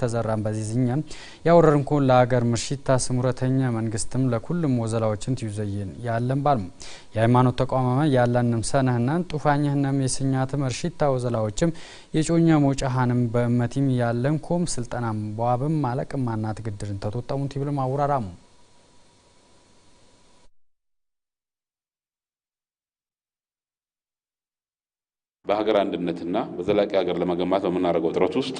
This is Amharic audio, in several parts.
ተዘራም በዚህኛም ያወረርንኮን ለሀገር ምርሽታ ስሙረተኛ መንግስትም ለኩልም ወዘላዎችን ትዩዘይን ያለን ባልሙ የሃይማኖት ተቋማመ ያለንም ሰነህናን ጡፋኝህነም የስኛትም እርሽታ ወዘላዎችም የጮኛ ሞጫሃንም በእመቲም ያለን ኮም ስልጠናም በዋብም ማለቅ ማናት ግድርን ተቶጠሙን ቲብልም አውራራሙ በሀገር አንድነትና በዘላቂ ሀገር ለመገንባት በምናደርገው ጥረት ውስጥ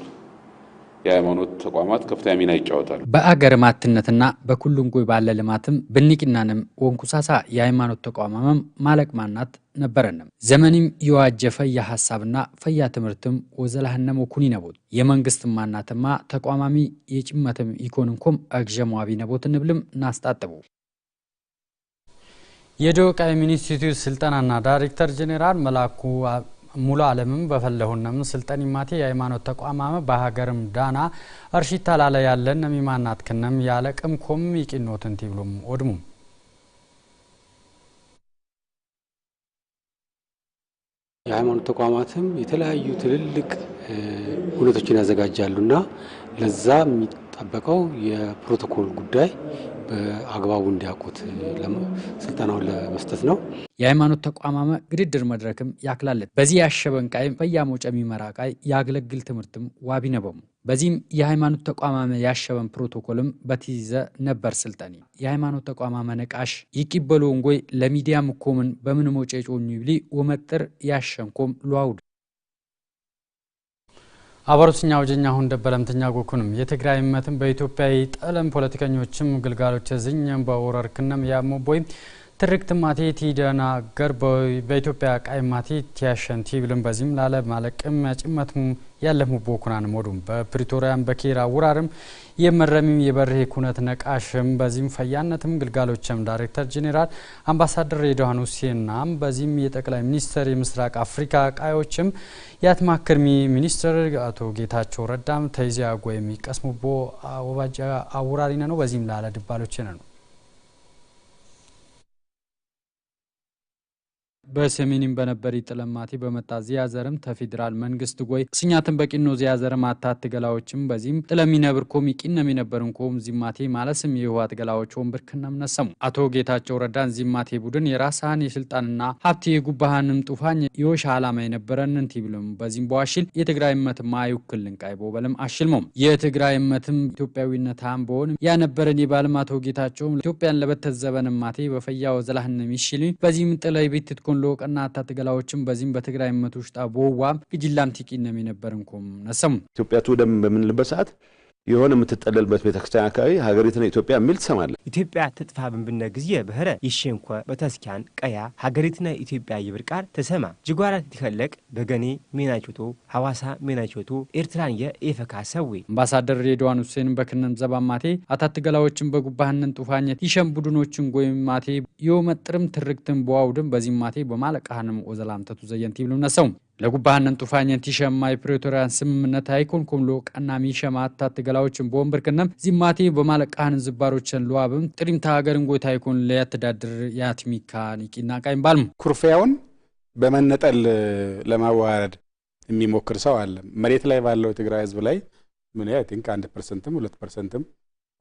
የሃይማኖት ተቋማት ከፍተኛ ሚና ይጫወታል። በአገር ማትነትና ጎይ ባለ ልማትም ብንቂናንም ወንኩሳሳ የሃይማኖት ተቋማመም ማለቅ ማናት ነበረንም ዘመኒም የዋጀ ፈያ ሀሳብና ፈያ ትምህርትም ወዘላህነም ኩኒ ይነቦት የመንግስት ማናትማ ተቋማሚ የጭመትም ኢኮንንኮም አግዠማዊ ነቦት ንብልም ናስጣጥቡ የዶቃ ሚኒስቲትዩት ስልጠናና ዳይሬክተር ጄኔራል መላኩ ሙሉ አለምም በፈለሁንም ስልጠን ይማቴ የሃይማኖት ተቋማመ በሀገርም ዳና እርሺ ታላለ ያለን ነሚማናት ክነም ያለቅም ኮም ይቂኖትን ቲብሉም ኦድሙም የሃይማኖት ተቋማትም የተለያዩ ትልልቅ ሁነቶችን ያዘጋጃሉና ለዛ ጠበቀው የፕሮቶኮል ጉዳይ በአግባቡ እንዲያውቁት ስልጠናውን ለመስጠት ነው። የሃይማኖት ተቋማመ ግድድር መድረክም ያክላለት በዚህ ያሸበን ቃይ ፈያሞጨ የሚመራ ቃይ ያገለግል ትምህርትም ዋቢ ነበሙ በዚህም የሃይማኖት ተቋማመ ያሸበን ፕሮቶኮልም በትይዘ ነበር ስልጠኔ የሃይማኖት ተቋማመ ነቃሽ ይቂበሉ ወንጎይ ለሚዲያ ምኮምን በምን መውጨ ጮኙ ብሊ ወመጥር ያሸንኮም ሉዋውድ አባሮትኛ ወጀኛ አሁን ደበለምተኛ ጎኩንም የትግራይ እመትም በኢትዮጵያ ጠለም ፖለቲከኞችም ግልጋሎች ዝኝም በወረርክነም ያሞ ቦይ ትርክት ማቲት ሂደና ገርቦ በኢትዮጵያ ቃይ ማቲት ያሸንቲ ብልም በዚህም ላለ ማለቅም ያጭመትሙ ያለሙ ቦኩናን ሞዱም በፕሪቶሪያም በኬራ ውራርም የመረሚም የበሬ ኩነት ነቃሽም በዚህም ፈያነትም ግልጋሎችም ዳይሬክተር ጄኔራል አምባሳደር ሬድዋን ሁሴናም በዚህም የጠቅላይ ሚኒስትር የምስራቅ አፍሪካ ቃዮችም ያትማክርሚ ሚኒስትር አቶ ጌታቸው ረዳም ተይዚያ ጎ የሚቀስሙቦ ወባጃ አውራሪነ ነው በዚህም ላለ ድባሎች ነው በሰሜኒም በነበር ጥለማቲ በመጣ ዚያዘርም ተፌዴራል መንግስት ጎይ ስኛትን በቂኖ ዚያዘርም አታት ገላዎችም በዚህም ጥለሚ ነብር ኮም ይቂነም የነበርን ኮም ዚማቴ ማለስም የህወሓት ገላዎች ወንብር ክነም ነሰሙ አቶ ጌታቸው ረዳን ዚማቴ ቡድን የራሳን የስልጣንና ሀብት የጉባሃንም ጡፋኝ የወሻ ዓላማ የነበረን እንቲ ብሎም በዚህም በዋሽል የትግራይ እመትማ አይውክልን ቃይቦ በልም አሽልሞም የትግራይ እመትም ኢትዮጵያዊነታም በሆንም ያነበረን የባልም አቶ ጌታቸውም ኢትዮጵያን ለበተዘበንም ማቴ በፈያው ዘላህንም ይሽል በዚህም ጥለይ ቤት ትትኮን ሞን ሎቀና አታት ገላዎችም በዚህም በትግራይ መት ውሽጣ ቦዋ ግጅላም ቲቂነም የነበርን ኮም ነሰሙ ኢትዮጵያ ቱ ደም በምንልበት ሰዓት የሆነ የምትጠለልበት ቤተክርስቲያን አካባቢ ሀገሪትና ኢትዮጵያ የሚል ትሰማለን። ኢትዮጵያ ትጥፋ ብንብነ ጊዜ ብህረ ይሸንኮ በተስኪያን ቀያ ሀገሪትና ኢትዮጵያ ይብር ቃር ተሰማ ጅጓራት ትኸለቅ በገኔ ሜናቾቶ ሐዋሳ ሜናቾቶ ኤርትራን የኤፈካ ሰዌ አምባሳደር ሬድዋን ሁሴን በክነም ዘባማቴ አታት ገላዎችን በጉባህንን ጡፋኘት ይሸን ቡድኖችን ጎይም ማቴ የመጥርም ትርክትን በዋውድም በዚህም ማቴ በማለቃህንም ኦዘላምተቱ ዘየንቲ ይብልም ነሰውም ለጉባህነን ጡፋኘን ቲሸማ የፕሪቶሪያን ስምምነት አይኩን ኩምሎ ቀና ሚሸማ አታት ገላዎችን በወንበር ክነም ዚማቴ በማለቃህንን ዝባሮችን ለዋብም ጥሪምታ ሀገርን ጎይታ አይኩን ለያተዳድር የአትሚካ ኒቂና ቃይም ባልም ኩርፊያውን በመነጠል ለማዋረድ የሚሞክር ሰው አለ። መሬት ላይ ባለው የትግራይ ህዝብ ላይ ምን ቲንክ አንድ ፐርሰንትም ሁለት ፐርሰንትም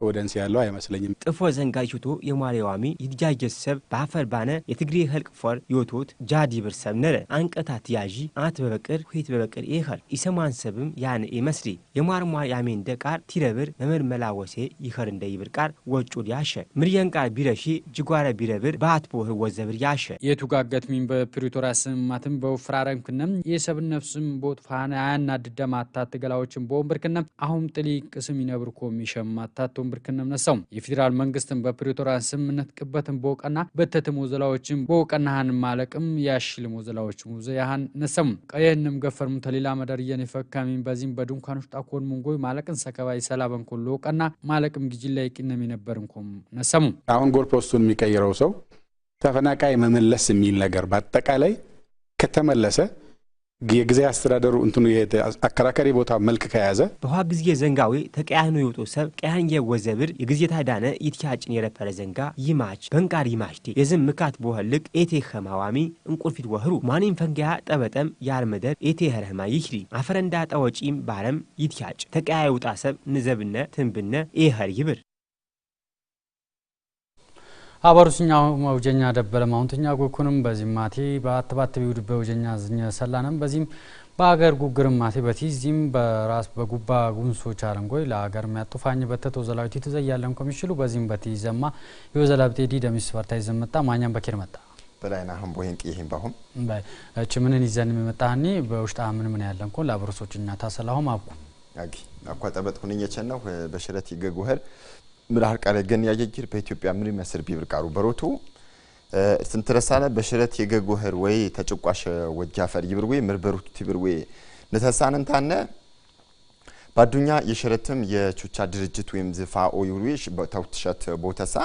ኦደንስ ያለው አይመስለኝም ጥፎ ዘንጋይ ቹቶ የማሪዋሚ ይድጃጀት ሰብ ባፈር ባነ የትግሪ ህልቅ ፎር ዮቶት ጃዲ ብርሰብ ነረ አንቀታት ያዢ አት በበቅር ሁት በበቅር ይኸል ኢሰማን ሰብም ያነ ይመስሪ የማርሟር ያሜን ደቃር ቲረብር መመርመላ ወሴ ይኸር እንደ ይብር ቃር ወጮድ ያሸ ምርየን ቃር ቢረሺ ጅጓረ ቢረብር በአት ቦህ ወዘብር ያሸ የቱጋገት ሚን በፕሪቶሪያ ስምማትም በውፍራረም ክነም የሰብ ነፍስም ቦት ፋና ያና ድደማታት ገላዎችን በወንብር ክነም አሁን ጥሊ ቅስም ይነብር ኮሚሸማታቱ መቀጠሉን ብርክን ነሳው። የፌዴራል መንግስትን በፕሪቶሪያ ስምምነት ቅበትን በውቀና በተትሞ ዘላዎችን በውቀናህን ማለቅም ያሽል ሞዘላዎች ሙዘ ያህን ነሰም ቀየህንም ገፈርሙ ተሌላ መደርየን የፈካሚን በዚህም በድንኳን ውስጥ አኮን ሙንጎይ ማለቅን ሰከባይ ሰላበን ኮሎ ውቀና ማለቅም ጊጅ ላይ ቂነም የነበርን ኮም ነሰሙ አሁን ጎልፖስቱን የሚቀይረው ሰው ተፈናቃይ መመለስ የሚል ነገር በአጠቃላይ ከተመለሰ የጊዜ አስተዳደሩ እንትኑ አከራከሪ ቦታ መልክ ከያዘ በውሃ ጊዜ ዘንጋዊ ተቀያኖ የወጡ ሰብ ቀያንየ ወዘብር የጊዜ ታዳነ ይትቻጭን የረፈረ ዘንጋ ይማች በንቃር ይማችቴ የዝም ምካት በወህልቅ ኤቴ ከማዋሚ እንቁልፊት ወህሩ ማኒም ፈንጊያ ጠበጠም ያርመደር ኤቴ ኸረህማ ይሽሪ አፈረንዳ ጠወጪም ባረም ይትቻጭ ተቀያ ይውጣ ሰብ ንዘብነ ትንብነ ኤኸር ይብር አባሩስኛው መውጀኛ ደበለ ማውንተኛ ጎኩንም በዚህ ማቴ በአትባት ቢውድ በውጀኛ ዝኛ ሰላንም በዚህም በአገር ጉግርም ማቴ በቲዚም በራስ በጉባ ጉንሶች አረንጎይ ለአገር ሚያጡፋኝ በተቶ ዘላዊት ትዘያለን ኮሚሽሉ በዚህም በቲዘማ ዘማ የወዘላብቴ ዲ ደሚስ ፈርታይ ዘመጣ ማኛም በኪር መጣ በላይና ህምቦ ይህን ቅይህም ባሁም እቺ ምንን ይዘን የሚመጣህኒ በውሽጣ ምን ምን ያለን ኮን ለአበረሶችኛ ታሰላሁም አብኩ አጊ አኳ ጠበጥ ሁንኘቸን ነው በሽረት ይገጉህር ምራር ቃለ ገን ያጀጅር በኢትዮጵያ ምን ይመስል ቢብር ቃሩ በሮቱ ስንትረሳነ በሽረት የገጎ ወይ ተጭቋሽ ወጃፈር ይብር ወይ ምርበሩት ትብር ወይ ንተሳነን ታነ ባዱኛ የሽረትም የቹቻ ድርጅት ወይም ዝፋ ኦዩሪሽ ተውትሸት ቦተሳ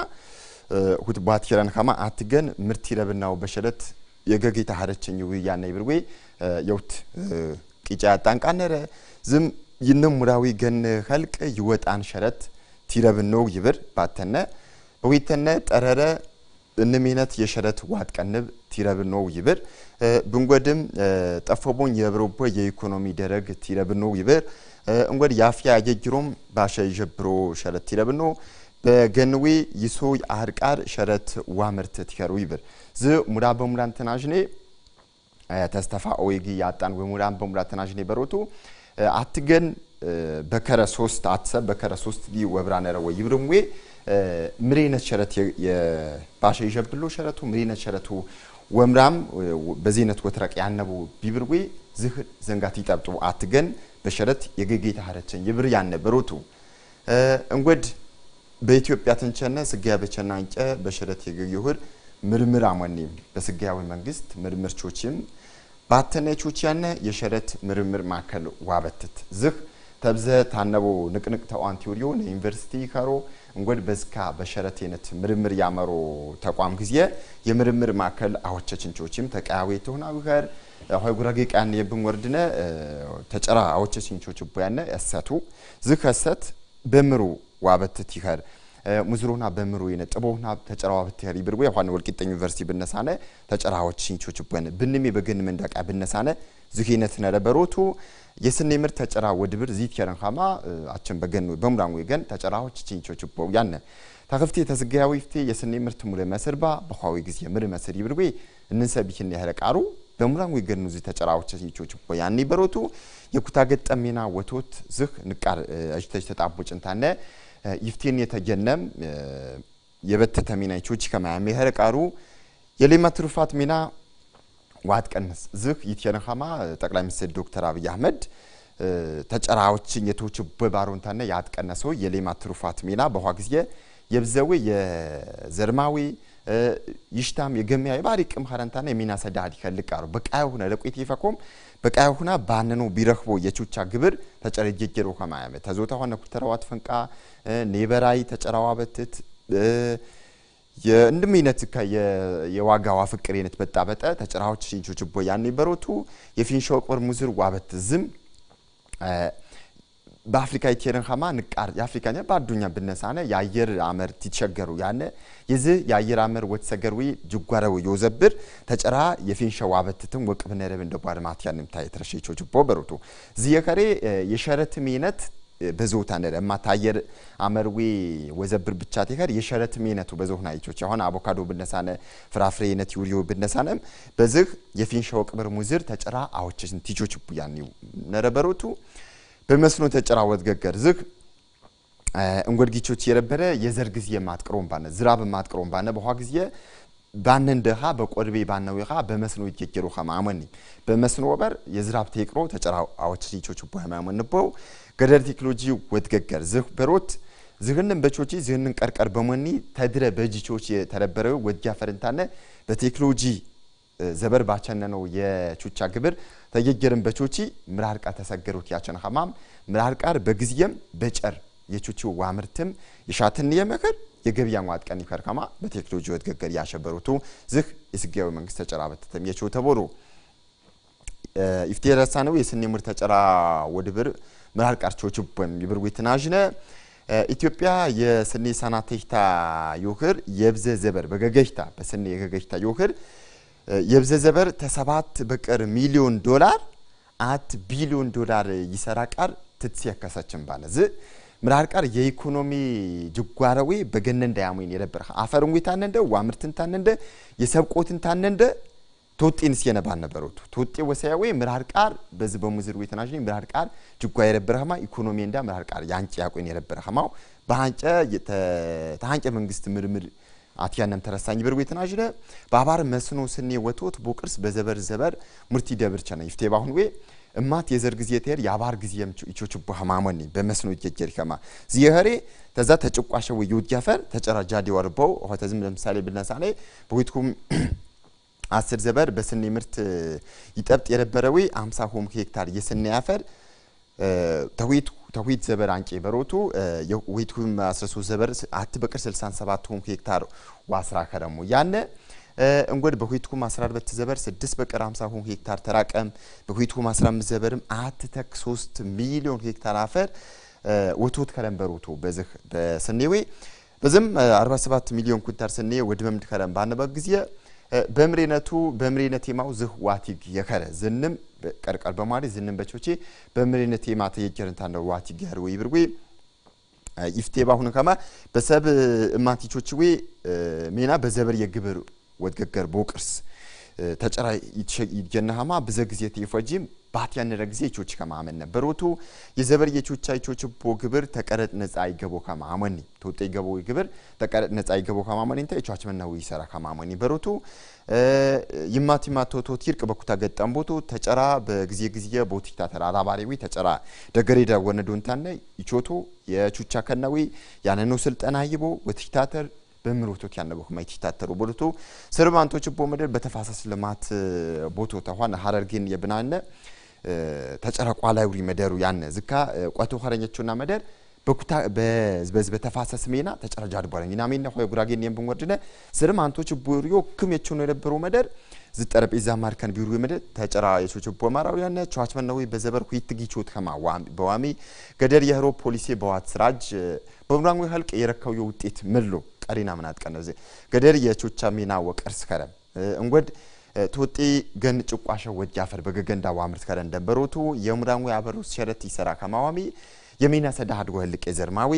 ሁት ባትየረን ከማ አትገን ምርት ይረብናው በሽረት የገጌታ ሀረችኝ ውይ ያነ ይብር ወይ የውት ቂጫ ያጣንቃነረ ዝም ይንም ሙራዊ ገን ኸልቅ ይወጣን ሸረት ቲረብኖ ይብር ባተነ በዊተነ ጠረረ እንሜነት የሸረት ዋትቀንብ ቲረብኖ ይብር ብንጎድም ጠፈቦን የብሮቦ የኢኮኖሚ ደረግ ቲረብኖ ይብር እንጎድ ያፍያ የጅሮም ባሸ ይጀብሮ ሸረት ቲረብኖ በገንዌ ይሶ አርቃር ሸረት ዋምርት ትከሩ ይብር ዝ ሙዳ በሙዳን ተናጅኔ ተስተፋ ኦይጊ ያጣን ወሙዳን በሙዳ ተናጅኔ በሮቱ አትገን በከረ ሶስት አትሰብ በከረ ሶስት ዲ ወብራ ነረ ወይ ይብርምዌ ምሬነት ሸረት የባሸ ይጀብሎ ሸረቱ ምሬነት ሸረቱ ወምራም በዜነት ወትረቅ ያነቡ ቢብርዌ ዝህ ዘንጋት ይጠብጡ አትገን በሸረት የገጌታ ሀረችን ይብር ያነ በሮቱ እንጎድ በኢትዮጵያ ትንቸነ ስጋያ በቸና አንጨ በሸረት የገየሁር ምርምር አመኔም በስጋያዊ መንግስት ምርምር ቾችም ባተነ ያነ የሸረት ምርምር ማዕከል ዋበትት ዝህ ተብዘ ታነቦ ንቅንቅ ተቋንቲዮ ዩኒቨርሲቲ ከሮ እንጎድ በዝካ በሸረቴነት ምርምር ያመሮ ተቋም ጊዜ የምርምር ማዕከል አወቸችንቾችም ተቀያዌ ተሆና ውኸር ሆይ ጉራጌ ቃን የብን ወርድነ ተጨራ አወቸችንቾች ቦያነ ያሰቱ ዝከሰት በምሩ ዋበት ይኸር ሙዝሮና በምሩ የነ ጥቦና ተጨራዋ ብትያሪ ብርጉ ያፋን ወልቂጤ ዩኒቨርሲቲ ብነሳነ ተጨራዎች ቺቾች በነ ብንሜ በገን መንዳቃ ብነሳነ ዙሂነት ነረበሮቱ የስኔ ምርት ተጨራ ወድብር ዚት ከረንካማ አቸን በገን በሙራን ወገን ተጨራዎች ቺቾች ቦ ያነ ተከፍቴ ተስጋያዊ ፍቴ የስኔ ምርት ሙለ መስርባ በኋዊ ጊዜ ምር መስር ይብርጉ እንንሰብይን ያረቃሩ በሙላን ወገኑ ዚ ተጨራዎች ሲቾች ያኔ በሮቱ የኩታ ገጠሜና ወቶት ዝህ ንቃር አጅተጅ ተጣቦ ጭንታነ ይፍቴን የተጀነም የበተተ ሚና ይቾች ከማያ ሜኸረ ቃሩ የሌማ ትሩፋት ሚና ዋት ቀንስ ዝህ ይትየነኸማ ጠቅላይ ሚኒስትር ዶክተር አብይ አህመድ ተጨራዎችን የቶች በባሮንታና ያት የሌማ ትሩፋት ሚና በኋ ጊዜ የብዘዌ የዘርማዊ ይሽታም የገሚያ የባሪ ቅም ሀረንታና የሚና ሰዳድ ይከልቃሩ በቃ ሆነ ለቆይት ይፈኮም በቃይሁና ባንኖ ቢረክቦ የቹቻ ግብር ተጨረ ጀጀሮ ከማያመ ተዞታ ሆነ ኩተራዋት ፈንቃ ኔበራይ ተጨራዋ በትት የእንድም ይነት የዋጋዋ ፍቅር ይነት በጠ ተጨራዎች ሽንቾች ቦ ያን ይበሮቱ የፊንሾ ቆር ሙዝር ዋበት ዝም በአፍሪካ ይኬርን ኸማ ንቃር የአፍሪካኛ በአዱኛ ብነሳነ የአየር አመር ቲቸገሩ ያነ የዚ የአየር አመር ወትሰገርዊ ጅጓረው የውዘብር ተጨራ የፊንሸ ዋበትትም ወቅብ ነረብ እንደ ጓድማት ያንም ታይ ጅቦ በሩቱ ዝየከሬ የሸረት ሚነት በዞታ ነረ ማታየር አመርዊ ወዘብር ብቻ ቴከር የሸረት ሚነቱ በዞታ ናይቾች አሁን አቮካዶ ብነሳነ ፍራፍሬ ነት ዩሪዮ ብነሳነም በዚህ የፊንሸ ወቅብር ሙዝር ተጨራ አዎችን ቲቾች ቡያኒ ነረበሩቱ በመስኖ ተጨራወት ገገር ዝክ እንጎድ ጊቾች የረበረ የዘር ጊዜ ማጥቅሮም ባነ ዝራብ ማጥቅሮም ባነ በኋ ጊዜ ባነን ደኻ በቆድቤ ባነው ይኻ በመስኖ ይጀጀሩ ኸማመኒ በመስኖ ወበር የዝራብ ተይቅሮ ተጨራ አዎች ሊቾቹ በሃማመን ገደር ቴክኖሎጂ ወትገገር ዝህ በሮት ዝህንን በቾቺ ዝህንን ቀርቀር በመኒ ተድረ በጂቾች የተረበረው ወጃ ፈረንታነ በቴክኖሎጂ ዘበር ባቸነነው የቹቻ ግብር ተየገርን በቾቺ ምራር ቃር ተሰገሩት ያቸን ሀማም ምራር ቃር በግዚየም በጨር የቹቺ ዋምርትም የሻትን የመከር የገቢያን ዋጥቀን ይከርከማ በቴክኖሎጂ ወትገገር ያሸበሩቱ ዝህ የስጋዊ መንግስት ተጨራ በተተም የቹ ተቦሩ ኢፍቴ ረሳ ነው የስኒ ሙር ተጨራ ወድብር ምራር ቃር ቾቹ ቦም ይብርዊትናጅነ ኢትዮጵያ የስኒ ሳናቴሽታ ዮክር የብዘ ዘበር በገገሽታ በስኒ የገገሽታ ዮክር የብዘዘበር ተሰባት በቀር ሚሊዮን ዶላር አት ቢሊዮን ዶላር ይሰራ ቃር ትትስ ያካሳችን ባለ ዝ ምራር ቃር የኢኮኖሚ ጅጓረዌ በገነ እንዳያሙን የነበር አፈር እንዊ ታነንደ ዋምርትን ታነንደ የሰብቆትን ታነንደ ቶጤን ሲየነባን ነበሩት ቶጤ ወሰያዌ ምራር ቃር በዚ በሙዝር ወይ ተናጅኒ ምራር ቃር ጅጓ የነበረማ ኢኮኖሚ እንዳ ምራር ቃር ያንጭ ያቆን የነበረማው በአንጨ ተሃንጨ መንግስት ምርምር አትያነም ተረሳኝ ብርጉ የተናጅለ ባባር መስኖ ስኔ ወቶት ቦቅርስ በዘበር ዘበር ሙርቲ ደብር ቸነ ይፍቴ ባሁን ዌ እማት የዘር ጊዜ ተር ያባር ጊዜ ይቾች በሃማሞን በመስኖ ይጀጀር ከማ ዚህሬ ተዛ ተጭቋሸው ይውጃፈር ተጨራጃ ዲወርበው ሆተ ዝም ለምሳሌ ብነሳኔ በዊትኩም አስር ዘበር በስኔ ምርት ይጠብጥ የነበረዊ 50 ሆም ሄክታር የስኔ ያፈር ተዊት ተውሂድ ዘበር አንቄ በሮቱ የውሂቱም 13 ዘበር አት በቅር 67 ሆም ሄክታር ዋስራ ከረሙ ያነ እንጎድ በሁይትኩም 14 ዘበር 6 በቅር 50 ሆም ሄክታር ተራቀም በሁይትኩም 15 ዘበርም አት ተክ 3 ሚሊዮን ሄክታር አፈር ወቶት ከረም በሮቱ በዚህ በስኔዌ በዝም 47 ሚሊዮን ኩንታር ስኔ ወድመምድ ከረም ባነበብ ጊዜ በምሬነቱ በምሬነት የማው ዝህ ዋቲግ የከረ ዝንም ቀርቀር በማሪ ዝንም በቾቼ በምሬነት የማተ የጀርንታ ነው ዋቲግ ያር ወይ ይብርጉ ይፍቴ ባሁን ከማ በሰብ እማቲቾች ወይ ሜና በዘበር የግብር ወድገገር ቦቅርስ ተጨራ ይጀነሃማ በዘ ጊዜ ይፈጂም ባት ያነረ ቾች ከማመን ከማመነ በሮቱ የዘበር የቾቻ ይቾች ቦ ግብር ተቀረጥ ነጻ ይገቦ ከማመን ተውጤ ይገቦ ግብር ተቀረጥ ነጻ ይገቦ ከማመን እንተ ይቾች መናው ይሰራ ከማመን በሮቱ ይማት ይማት ቶቶ ቲርቅ በኩታ ገጠም ቦቶ ተጨራ በጊዜ ጊዜ ቦቲታ ተራራ ባሪዊ ተጨራ ደገሬዳ ወነዶንታነ ይቾቶ የቹቻ ከነዊ ያነኖ ስልጠና ይቦ ወቲታተር በምሮቶት ያነበኩ ማይት ይታተሩ ቦቶ ስርባንቶች ቦ መደር በተፋሰስ ልማት ቦቶ ተኋን ሀረርግን የብናነ ተጨረ ቋላውሪ መደሩ ያነ ዝካ ቋቶ ኸረኘችውና መደር በኩታ በዝበዝ በተፋሰስ ሜና ተጨረጃ አድቧለኝ እና ሜና ሆይ ጉራጌን የም ብንወርድነ ስርም አንቶች ቡሪዮ ክም የቸው ነው የነበረው መደር ዝጠረጴዛ ማርከን ቢሩ ይመደ ተጨራ የቾች ቦማራው ያነ ቸዋች መነው በዘበር ኩይት ጊቾት ከማ በዋሚ ገደር የህሮ ፖሊሲ በዋት ስራጅ በምራንጉ ህልቅ የረከው የውጤት ምሎ ቀሪና ዘ ገደር የቾቻ ሜና ወቀርስ ከረም እንጎድ ቶጤ ገን ጭቋሸ ወጃፈር በገገንዳ ዋምርት ከረ እንደበሩቱ የሙዳን አበሩ ሸረት ይሰራ ከማዋሚ የሚና ሰዳሃድ ወህልቅ የዘርማዊ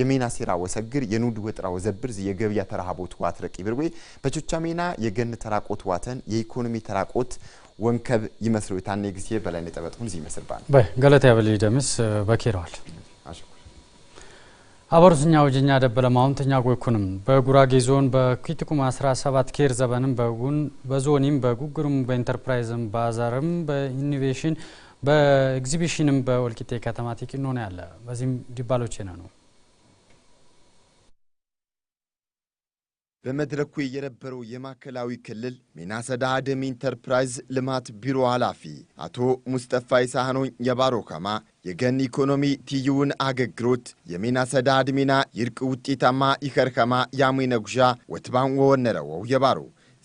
የሚና ሲራ ወሰግር የኑድ ወጥራ ወዘብር የገብያ ተራሃቦት ዋትረቅ ይብርዌ በቹቻ ሚና የገን ተራቆት ዋተን የኢኮኖሚ ተራቆት ወንከብ ይመስሉ የታኔ ጊዜ በላይ ነጠበጥሁን ዚህ ይመስል ገለታ ያበል ደምስ በኬረዋል አበሩዝኛ ወጀኛ ደበለ ማውንተኛ ጎይኩንም በጉራጌ ዞን በኪትኩም 17 ኬር ዘበንም በጉን በዞኒም በጉግሩም በኢንተርፕራይዝም ባዛርም በኢኒቬሽን በኤግዚቢሽንም በወልቂጤ ከተማ ቲቂኖ ነው ያለ። በዚህም ዲባሎቼ ነው ነው በመድረኩ የነበረው የማዕከላዊ ክልል ሚናሰዳ አደም ኢንተርፕራይዝ ልማት ቢሮ ኃላፊ አቶ ሙስጠፋ ይሳህኖኝ የባሮ ከማ የገን ኢኮኖሚ ትይውን አገግሮት የሚናሰዳ አድሜና ይርቅ ውጤታማ ይከርከማ ያሙነጉዣ ወትባን ወወነረወው የባሮ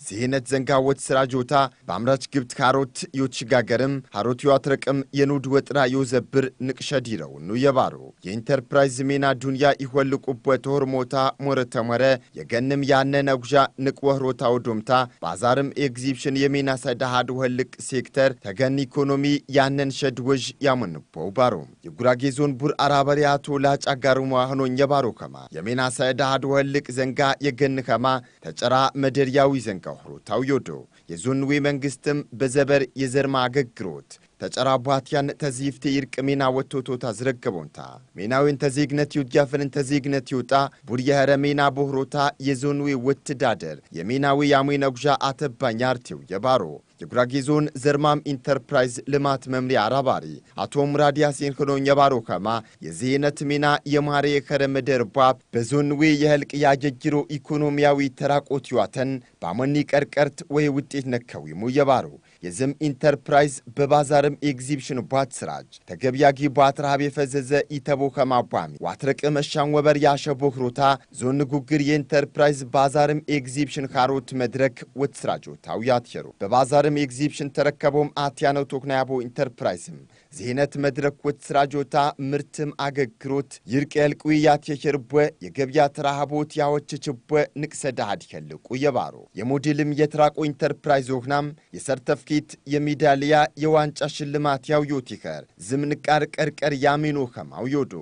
ዝህነት ዘንጋወት ስራ ጆታ በአምራች ግብት ካሮት ዮችጋገርም ሃሮት ዮአትረቅም የኑድ ወጥራ ዮዘብር ንቅሸድ ይረውኑ የባሩ የኢንተርፕራይዝ ሜና ዱንያ ይወልቁበት ሞረ ሞረተሞረ የገንም ያነ ነጉዣ ንቅወህሮታ ወዶምታ ባዛርም ኤግዚብሽን የሜና ሰዳሃድ ወልቅ ሴክተር ተገን ኢኮኖሚ ያነን ሸድ ወዥ ያመንቦው ባሩ የጉራጌ ዞን ቡር አራበሪ አቶ ላጫ ጋሩ ሆኖኝ የባሩ ከማ የሜና ሰዳሃድ ወልቅ ዘንጋ የገን ከማ ተጨራ መደርያዊ ዘንጋ ተኽሮ ታውዮዶ የዞንዌ መንግስትም በዘበር የዘር ማገግሮት ተጨራቧትያን ተዚህፍቴ ይርቅ ሜና ወቶቶታ ዝረገቦንታ ሜናዊን ተዜግነት ይውድያፍንን ተዜግነት ይውጣ ቡድያኸረ ሜና ቦህሮታ የዞንዌ ወትዳደር የሜናዊ ያሙይ ነጉዣ አተባኝ አርቴው የባሮ የጉራጌ ዞን ዘርማም ኢንተርፕራይዝ ልማት መምሪያ አራባሪ አቶ ሙራዲያ ያሴን የባሮ ከማ የዚህነት ሜና የማሬ የኸረ መደር ባብ በዞንዌ የህልቅ ያጀጅሮ ኢኮኖሚያዊ ተራቆት ይዋተን ባመኒ ቀርቀርት ወይ ውጤት ነከዊሙ የባሮ የዝም ኢንተርፕራይዝ በባዛርም ኤግዚቢሽን ቧት ስራጅ ተገብያጊ ቧት ረሃብ የፈዘዘ ኢተቦ ከማቧሚ ዋትረቅ መሻን ወበር ያሸቦ ሮታ ዞን ንጉግር የኢንተርፕራይዝ ባዛርም ኤግዚቢሽን ካሮት መድረክ ወት ስራጅ ታውያት የሩ በባዛርም ኤግዚቢሽን ተረከቦም አትያነው ቶክናያቦ ኢንተርፕራይዝም ዝህነት መድረኮት ስራጆታ ምርትም አገግሮት ይርቀል ቁያት የሸርቦ የገብያ ተራሃቦት ያዎች ችቦ ንቅሰ ዳሃድ ከልቁ የባሮ የሞዴልም የትራቆ ኢንተርፕራይዝ ሆናም የሰርተፍኬት የሜዳሊያ የዋንጫ ሽልማት ያውዮት ይኸር ዝምንቃር ቀርቀር ያሚኖ ከማው ዮዶ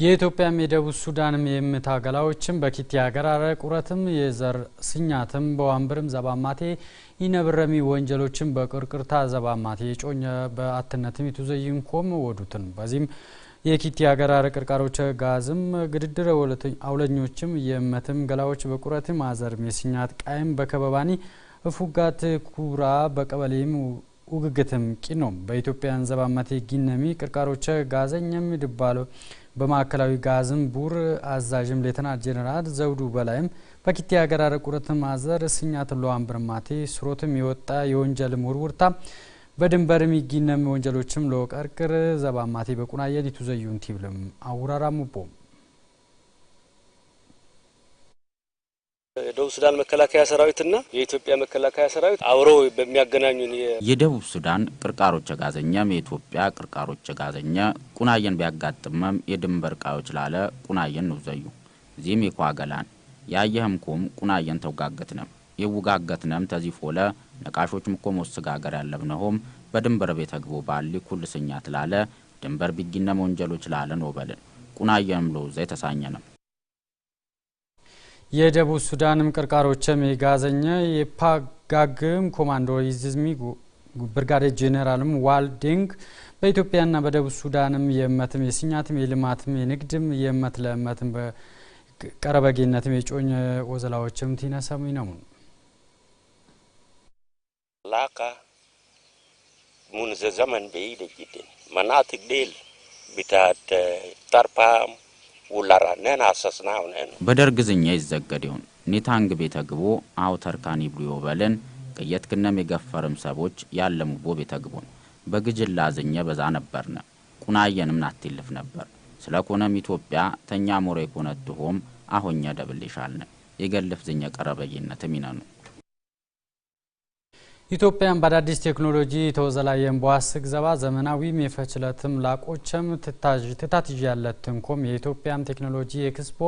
የኢትዮጵያም የደቡብ ሱዳንም የምታገላዎችም በኪቲ ሀገራረ ቁረትም የዘር ስኛትም በዋንብርም ዘባማቴ ይነብረሚ ወንጀሎችም በቅርቅርታ ዘባማቴ የጮኘ በአትነትም ይቱዘይንኮም ወዱትን በዚህም የኪቲ ሀገራረ ቅርቃሮች ጋዝም ግድድር አውለኞችም የእመትም ገላዎች በቁረትም አዘርም የስኛት ቃይም በከበባኒ እፉጋት ኩራ በቀበሌም ውግግትም ቂኖም በኢትዮጵያን ዘባማቴ ጊነሚ ቅርቃሮች ጋዘኝም ድባለው በማዕከላዊ ቡር አዛዥም ሌተና ጄኔራል ዘውዱ በላይም በኪቴ አገራረ ቁረትም ማዘር ስኛት ለዋን ብርማቴ ስሮትም የወጣ የወንጀልም ውርውርታ በድንበር ሚጊነም ወንጀሎችም ለወቀርቅር ዘባማቴ በቁና የዲቱ ዘዩን ቲብልም አውራራሙቦም የደቡብ ሱዳን መከላከያ ሰራዊትና የኢትዮጵያ መከላከያ ሰራዊት አብረው በሚያገናኙን የደቡብ ሱዳን ቅርቃሮች ጋዘኛም የኢትዮጵያ ቅርቃሮች ጋዘኛ ቁናየን ቢያጋጥመም የድንበር ቃዮች ላለ ቁናየን ነው ዘዩ ዚህም የኳገላን ያየህም ኩም ቁናየን ተውጋገትነም የውጋገትነም ተዚፎለ ነቃሾችም ኮም ወስጋገር ያለብነሆም በድንበር ቤተ ግቦ ባሊ ኩልስኛት ላለ ድንበር ቢጊነም ወንጀሎች ላለ ኖበልን በልን ቁናየንም ሎዛ የተሳኘ ነው የደቡብ ሱዳንም ቅርቃሮችም የጋዘኛ የፓጋግም ኮማንዶ ይዝዝሚ ብርጋዴ ጄኔራልም ዋልዲንግ በኢትዮጵያና በደቡብ ሱዳንም የእመትም የስኛትም የልማትም የንግድም የእመት ለእመትም ቀረበጌነትም የጮኝ ወዘላዎችም ቲነሰሙ ይነሙን ላካ ሙንዘ ዘመን በይደጅድን መናትግዴል ቢታት ጠርፓም ውላራነን አሰስና በደርግ ዝኛ ይዘገድ ይሁን ኒታንግ ቤተ ግቦ አውተርካኒ ብሎ ይወበልን ቅየት ክነም የገፈርም ሰቦች ያለሙቦ ቤተ ግቦን በግጅላ ዝኘ በዛ ነበርነ ቁናየንም ናትልፍ ነበር ስለ ኮነም ኢትዮጵያ ተኛ ሞሬ ኮነት ሆም አሆኛ ደብልሻልነ የገልፍ ዝኘ ቀረበይነትም ይነኑ ኢትዮጵያን በአዳዲስ ቴክኖሎጂ ተወዘላየን በዋስ ግዘባ ዘመናዊም የፈችለትም ላቆቸም ትታትዥ ያለትንኮም የኢትዮጵያም ቴክኖሎጂ ኤክስፖ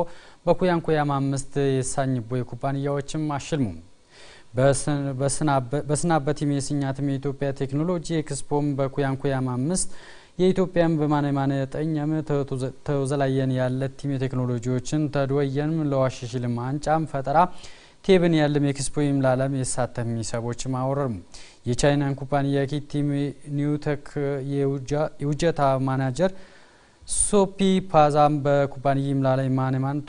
በኩያን ኩያም አምስት የሳኝ ቦይ ኩባንያዎችም አሽልሙም በስናበት የስኛትም የኢትዮጵያ ቴክኖሎጂ ኤክስፖም በኩያን ኩያም አምስት የኢትዮጵያም በማነ ማነ ጠኛም ተወዘላየን ያለትም ቴክኖሎጂዎችን ተድወየንም ለዋሽሽልም አንጫም ፈጠራ ቴብን ያለም ኤክስፖይም ላለም የሳተሚ ሚሰቦች ማወረርም የቻይናን ኩባንያ ኪቲም ኒውተክ የውጀታ ማናጀር ሶፒ ፓዛም በኩባንያም ላላይ ማንማን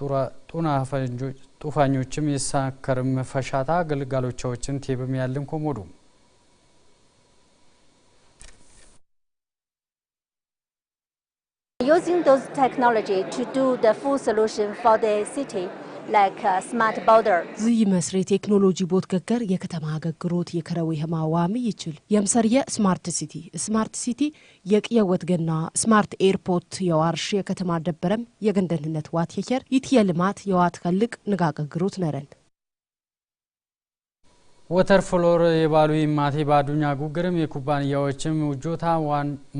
ጡና ጡፋኞችም የሳከርም ፈሻታ ግልጋሎቻዎችን ቴብም ያለም ኮሞዱ Using those technology to do the full solution for the city. ዚ መስሪ ቴክኖሎጂ ቦት ገገር የከተማ አገግሮት የከረዊ ህማዋሚ ይችል የምሰርየ ስማርት ሲቲ ስማርት ሲቲ የቅየወት ገና ስማርት ኤርፖርት የዋርሽ የከተማ ደበረም የገንደንነት ዋት ሄከር ይትየ ልማት የዋት ከልቅ ንጋ አገግሮት ነረን ወተር ፍሎር የባሉ ማቴ ባዱኛ ጉግርም የኩባንያዎችም ውጆታ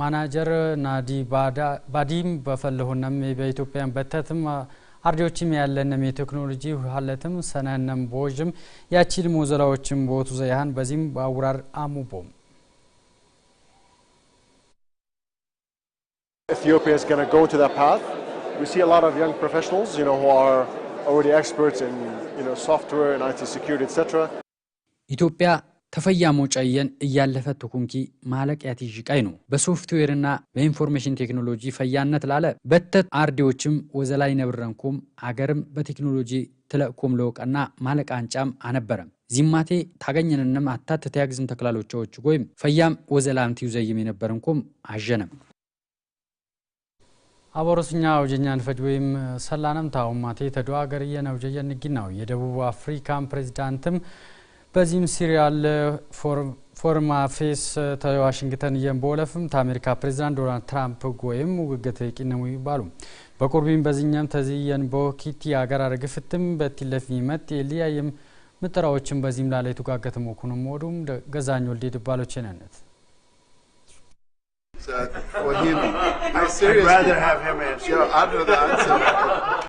ማናጀር ናዲ ባዲም በፈልሁነም በኢትዮጵያን በተትም አርጆችም ያለንም የቴክኖሎጂ ውሃለትም ሰነህነም ቦዥም ያቺል ሞዘላዎችም ቦቱ ዘያህን በዚህም በአውራር አሙቦም Ethiopia is going to go to that path. We see a lot of young professionals, you know, who are already experts in, you know, software and IT security, etc. ኢትዮጵያ ተፈያ ሞጨየን እያለፈ ቱኩንኪ ማለቅያት ይዥቃይ ነው በሶፍትዌርና በኢንፎርሜሽን ቴክኖሎጂ ፈያነት ላለ በተት አርዲዎችም ወዘላይ ነብረንኩም አገርም በቴክኖሎጂ ትለቅኩም ለውቀና ማለቅ አንጫም አነበረም ዚማቴ ታገኘንንም አታት ተያግዝም ተክላሎቻዎች ጎይም ፈያም ወዘላንቲ ዩዘይም የነበረንኩም አዠነም አበሮስኛ አውጀኛ ንፈጅ ወይም ሰላንም ታውማቴ ተደዋ የነውጀየ ነውጀየ ነው የደቡብ አፍሪካን ፕሬዚዳንትም በዚህም ያለ ፎርም አፌስ ተዋሽንግተን የምቦለፍም ተአሜሪካ ፕሬዚዳንት ዶናልድ ትራምፕ ጎይም ውግግት ቂ ነው ይባሉ በቁርቢም በዚህኛም የንቦ ኪቲ ሀገር አረግፍትም በቲለፊ መጥ የሊያየም ምጥራዎችን በዚህም ላለ የተጓገተ መኩኑ ወዱም ገዛኝ ወልዴ ድባሎች ነነት Uh,